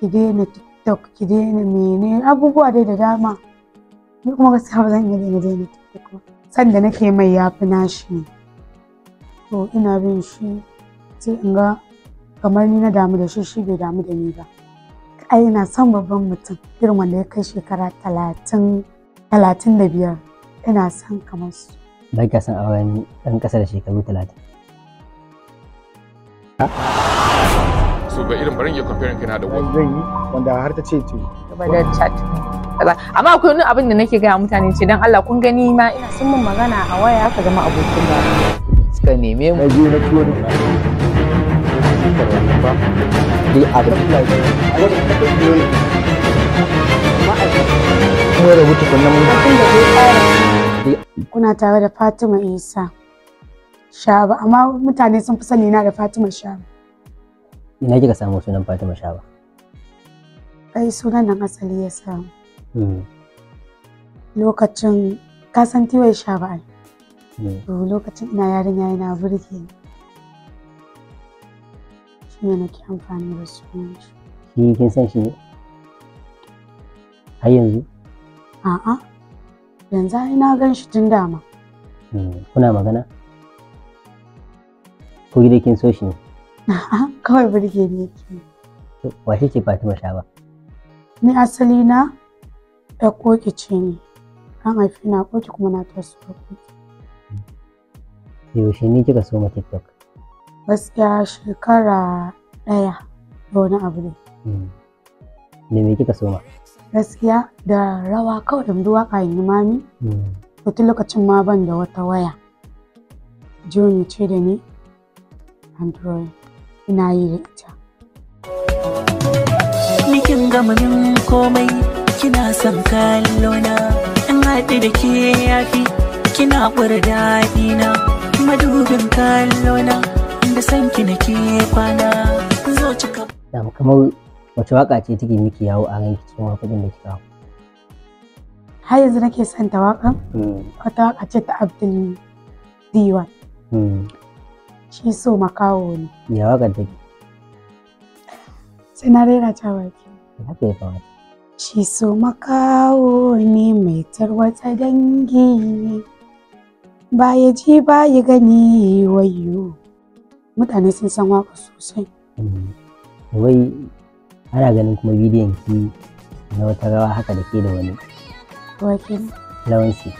ki daina tiktok ki daina mene abubuwa dai da dama ni kuma gaskiya ba zan iya daina daina tiktok ba sanda nake mai ya fi nashi ne to ina bin shi sai in ga kamar ni na damu da shi shi bai damu da ni ba ai ina son babban mutum irin wanda ya kai shekara talatin talatin da biyar ina son kamar su ba ka son ɗan ƙasa da shekaru talatin so ba irin barin ya comparing kaina da wani zai yi wanda har ta ce ce da chat amma akwai wani abin da nake gaya mutane ce dan Allah kun gani ma ina sun mun magana a waya ka zama abokin da suka neme mu je na ciwo da dai abin mun rubuta kunnan kullum kuna tare da Fatima Isa Shaba amma mutane sun fi sani na da Fatima Shaba Ina kika samu sunan Fatima Shaba? Ai sunan nan asali ya samu. Hmm. Lokacin ka san tiwai Shaba ai. Hmm. To lokacin ina yarinya yana burge ni. Shi ne nake amfani da sunan shi. kin san shi ne? Har yanzu? A'a. Yanzu ai na gan shi tun dama. Hmm. Kuna magana? Ko gidakin so shi ne? kawai burge ne ke wace ce fatima shaba ni asali na da koki ce ne an haifi na koki kuma na taso koki yaushe ni kika so ma tiktok gaskiya shekara ɗaya da wani abu ne ne hmm. me kika so ma gaskiya da rawa kawai da duwa yi mami hmm. wata lokacin ma ban da wata waya joni ce da ni android ina yi da ita nikin gamamin komai kina son kallona in haɗu da ke yafi kina ƙwar daɗi na madubin kallona da san ki ke kwana zo cika da kamar wace waka ce take miki yawo a ranki cikin wakokin da kika kawo. har yanzu nake son ta wakan hmm. wata waka ce ta Abdul Diwan hmm. shi so makawo ne ya waka take sai na rera ta baki haka ya kawo shi so makawo ne mai tarwata dangi ba ya ji ba ya gani wayo mutane sun san waka sosai hmm. wai ana ganin kuma bidiyon ki na wata rawa haka da ke da wani wakil lawansi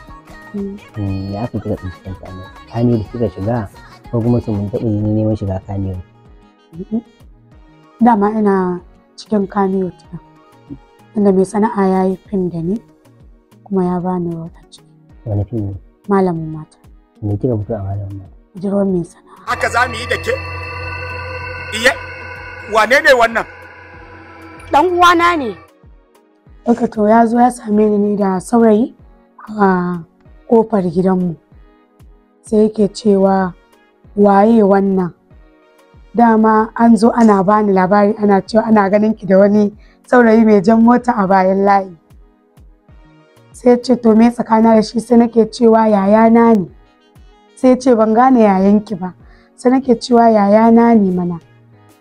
hmm. hmm, Ya aka kira tsinci kanta ne hanyar da kika shiga ko kuma su mun taɓa yi neman shiga kaniyo mm-hmm. dama ina cikin kaniyo ta inda mai sana'a ya yi fim da ni kuma ya bani wata ciki wani fim ne malamin mata me kika fito a malamin mata jirgin mai sana'a haka za mu yi da ke iya wane ne wannan dan uwana ne Aka to ya zo ya same ni ne da saurayi a kofar gidanmu sai yake cewa waye wannan dama an zo ana bani labari ana cewa ana ganin ki da wani saurayi mai jan mota a bayan layi sai ce to me tsakana da shi sai nake cewa yaya na ne sai ce ban gane yayan ki ba sai nake cewa yaya na ne mana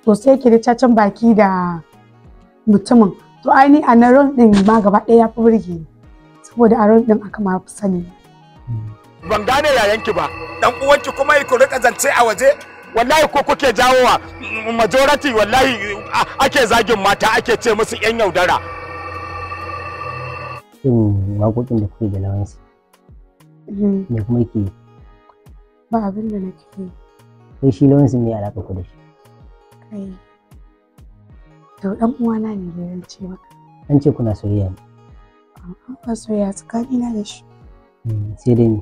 to sai ki da cacan baki da mutumin to aini a na ron ma gaba ɗaya ya fi burge ni saboda a ron aka ma fi sani hmm. ban gane yayanki ba dan uwanki kuma ku rika zance a waje wallahi ko kuke jawowa majority wallahi ake zagin mata ake ce musu yan yaudara shin waƙoƙin da kuke da nawansu mm-hmm. me kuma ke ba abin da na ke sai shi ne me alaƙa ku da shi kai to dan uwana ne da yan ce maka an ce kuna soyayya ne ba soyayya tsakanina da shi mm, sai dai ni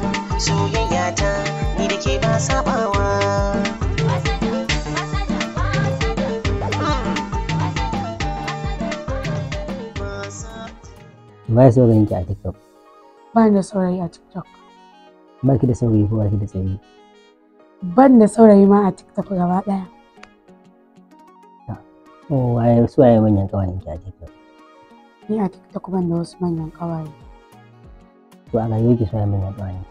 soyayya ta ni da ke ba sabawa Ba saurayin ki a TikTok. Ba ni da saurayi a TikTok. Ba ki da saurayi ko ba ki da saurayi? Ban da saurayi ma a TikTok gaba ɗaya. Oh, su waye manyan ƙawayen ki a TikTok? Ni a TikTok ban da wasu manyan ƙawaye. To a rayuwar ki su waye manyan ƙawayen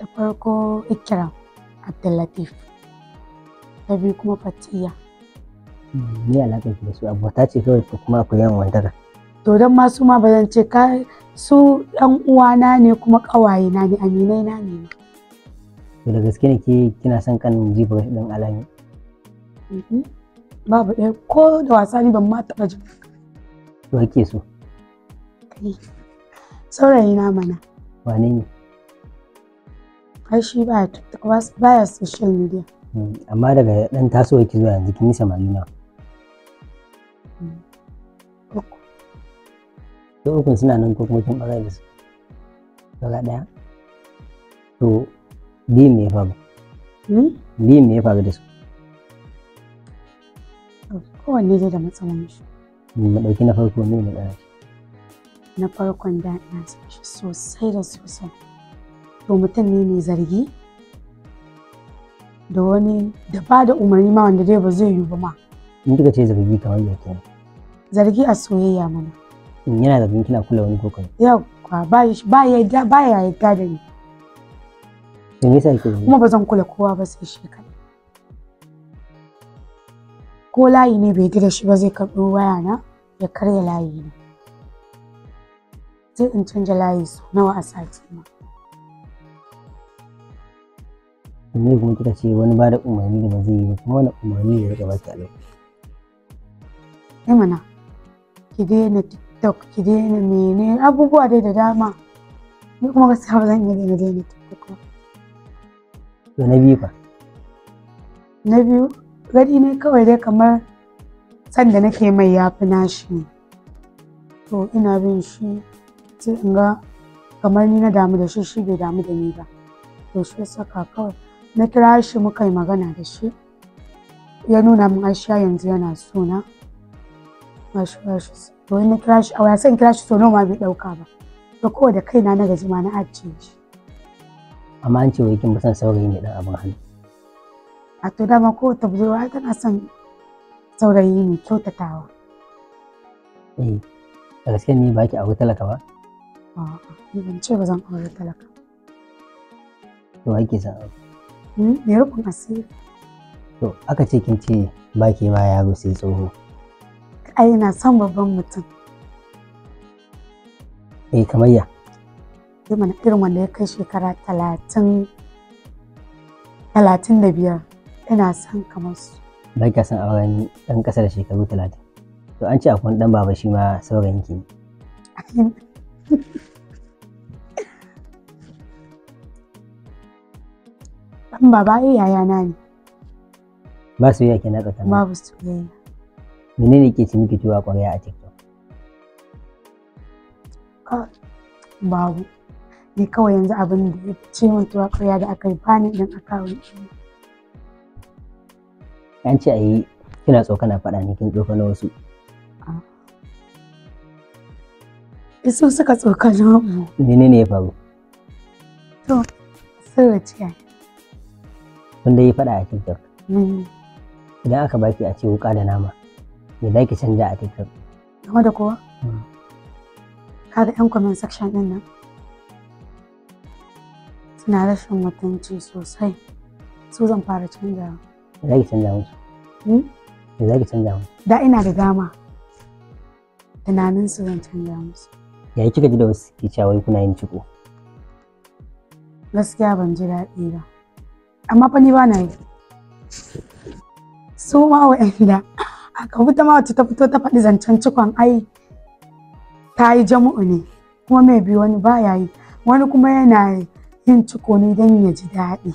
da farko ikira abdullatif da biyu kuma fatiya ni hmm, alaƙa ki da su abota ce kawai ko kuma akwai yawan wadara. to don ma su ma ba zan ce ka su ɗan uwana ne kuma ƙawaye na ne aminai na ne to da gaske ne ke kina son kan jibar ɗan alami mhm. babu ɗaya ko da wasa ni ban ma taɓa jin to ake so saurayi na mana wane ne ai shi ba baya social media hmm, amma daga ɗan tasowar ki zuwa yanzu kin yi samarina hmm. to ukun suna nan ko kuma kin bazar da su daga ɗaya. to bi me ya faru hmm? Bi me ya faru da su kowanne zai da matsalan shi mu na farko ne mu daya na farkon da na shi sosai da sosai to mutum ne mai zargi da wani da ba da umarni ma wanda dai ba zai yiwu ba ma in kika ce zargi kamar ya kenan zargi a soyayya mana yana zargin kina kula wani kokari yau ba ya ba ya yadda da ni me yasa yake kuma ba zan kula kowa ba sai shi kaɗai ko layi ne bai gida shi ba zai karɓo waya na ya karya layi ne. sai in canja layi sau nawa a sati ma ne kuma kika ce wani ba da umarni da ba zai yi ba kuma wani umarni da ya baki a lokaci ai eh mana ki daina tiktok ki daina mene abubuwa dai da dama ni kuma gaskiya ba zan iya daina daina tiktok to na biyu fa na biyu gari ne kawai dai kamar sanda nake mai yafi nashi ne to ina bin shi sai in ga kamar ni na damu da shi shi bai damu da ni ba to shi saka kawai na kira shi muka yi magana da shi ya nuna min aisha yanzu yana sona gashi gashi to na kira shi a waya san kira shi so nawa bai dauka ba to kowa da kaina na gaji ma na ajiye shi amma an ce wai kin san saurayi ne dan abin hannu a to dama ko ta budurwa tana son saurayi ne kyautatawa eh da gaske ni ba ki aure talaka ba a'a ni ban ce ba zan aure talaka to ake san aure Hmm? ya rufin asiri to aka ce kin ce ba ke ba yaro sai tsoho ai na son babban mutum eh kamar ya sai mana irin wanda ya kai shekara talatin talatin da biyar ina son kamar su ba ka san auren ɗan ƙasa da shekaru talatin to an ce akwai ɗan baba shi ma saurayin ki ne Ɗan baba ai yayana ne. Ba su yake na tsakanin. Babu soyayya. Menene ke ci miki tuwa ƙwarya a TikTok? Ka babu. ne kawai yanzu abin da ya ce min tuwa ƙwarya da aka yi fani din akawun. An ce a yi kina na faɗa ne kin na wasu. Isu suka tsoka na, mu. Menene ya faru? To, sirri ce wanda ya faɗa a tiktok mm. idan aka baki a ce wuka da nama me za ki canja a tiktok game da kowa mm. kaga yan comment section din nan suna rashin mutunci sosai su zan fara canja me za ki canja musu hmm? me za ki canja musu da ina da dama tunanin su zan canja musu yayi kika ji da wasu ke cewa kuna yin ciko gaskiya ban ji daɗi ba amma fa ni ba na yi su ma wa'anda aka fita ma wacce ta fito ta faɗi zancen cikon ai ta yi jama'u ne kuma mai bi wani ba ya yi wani kuma yana yin ciko ne don ya ji daɗi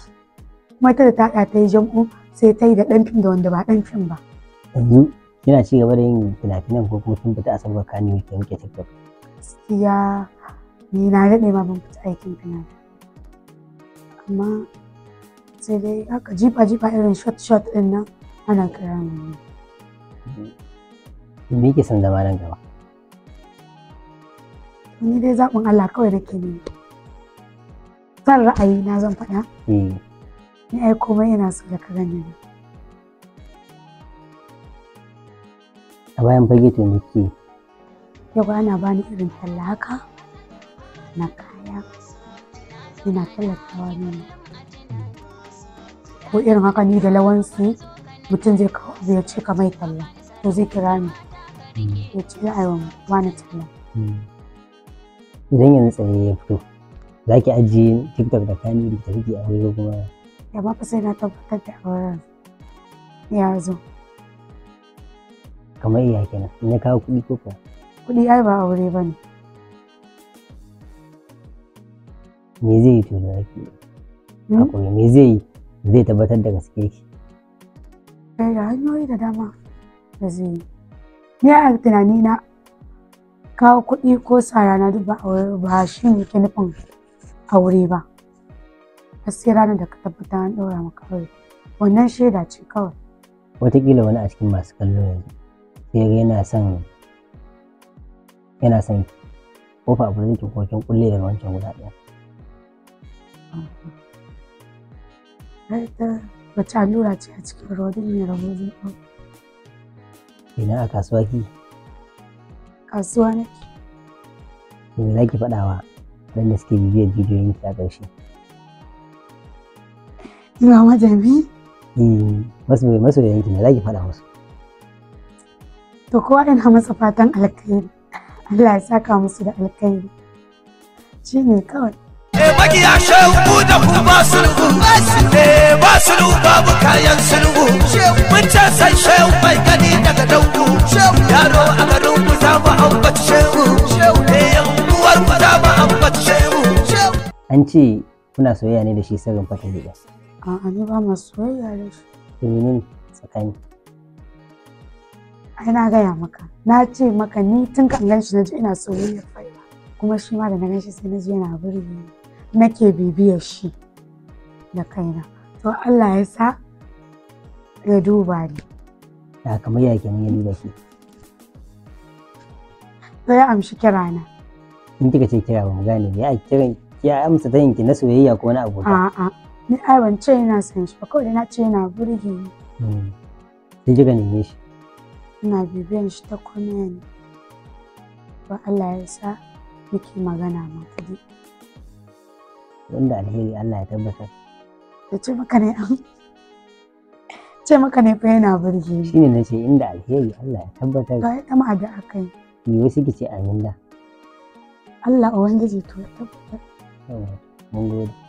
kuma ta da ta haɗa ta yi jam'u, sai ta yi da ɗan fim da wanda ba ɗan fim ba. yanzu yana ci gaba da yin fina-finan ko kuma kun fita a sabuwar kani wuke wuke tiktok. gaskiya ni na daɗe ma ban fita aikin fina amma sai dai haka jifa jifa irin shot shot din nan ana kira mu Ni ke san zama nan gaba ni dai zaɓin Allah kawai nake ne san ra'ayi na zan faɗa eh. ni ai komai yana so da ka gani ne. a bayan fage to muke yau ana bani irin talla haka na kaya ina tallatawa ne ko irin haka ni da lawansu mutum zai kawo zai ce ka mai talla to zai kira ni hmm. ya ce ai wani talla hmm. idan yanzu tsaye ya fito za ki ajiye tiktok da kani da tafi a wani kuma ya ba sai na tabbatar da auren ya zo kamar iya kenan in ya kawo kuɗi ko kuwa kuɗi ai ba aure ba ne me zai yi to da ake hmm? me zai yi zai tabbatar da gaske shi. Eh, kai ga hanyoyi da dama da zai yi ni a tunani na kawo kuɗi ko tsara na duk ba shi ne ke nufin aure ba sai ranar da ka tabbata an ɗora maka aure wannan shaida ce kawai wataƙila wani a cikin masu kallo yanzu sai ga yana son yana son kofa abu da kokin kulle daga wancan guda ɗaya har wacce allura ce a cikin ruwa duk mai rabo zai ɗau. Ina a kasuwa ki? Kasuwa nake. Me za ki faɗawa don da suke bibiyar bidiyoyin ki a ƙarshe? Ina majami? Eh, masoyan masoyan ki me za ki faɗa musu? To kowa ina masa fatan alkhairi. Allah ya saka musu da alkhairi. Shi ne kawai. Eh, magiya shehu da ku ba sulhu eh, ba sulhu babu kayan sulhu mun can san shehu mai gani daga dangu yaro a garin ku za mu ambaci shehu da eh, yan uwar ku za mu ambaci shehu an ce kuna soyayya ne da shi sirrin fata gida. a'a ni ba ma soyayya da shi to menene tsakani ai na gaya maka na ce maka ni tun kan ganshi na ji ina soyayya fai kuma shi ma da na shi sai na ji yana burge ni nake bibiyar shi da kaina to Allah ya sa ya duba ni ya kamar ya kenan ya duba shi To ya amshi kirana in kika ce kira ban gane ya kiran ya amsa ta yinki na soyayya ko na abota a'a ni ai ban ce yana son shi ba kawai na ce yana burge ni hmm. sai kika neme shi ina bibiyan shi ta kuma ne ba Allah ya sa muke magana ma kudi wanda alheri Allah ya tabbatar da ce maka ne an ce maka ne fa yana burge shi ne ce inda alheri Allah ya tabbatar Ba ya ma da akai ni wasu ce amin da Allah ubangiji to tabbatar mun gode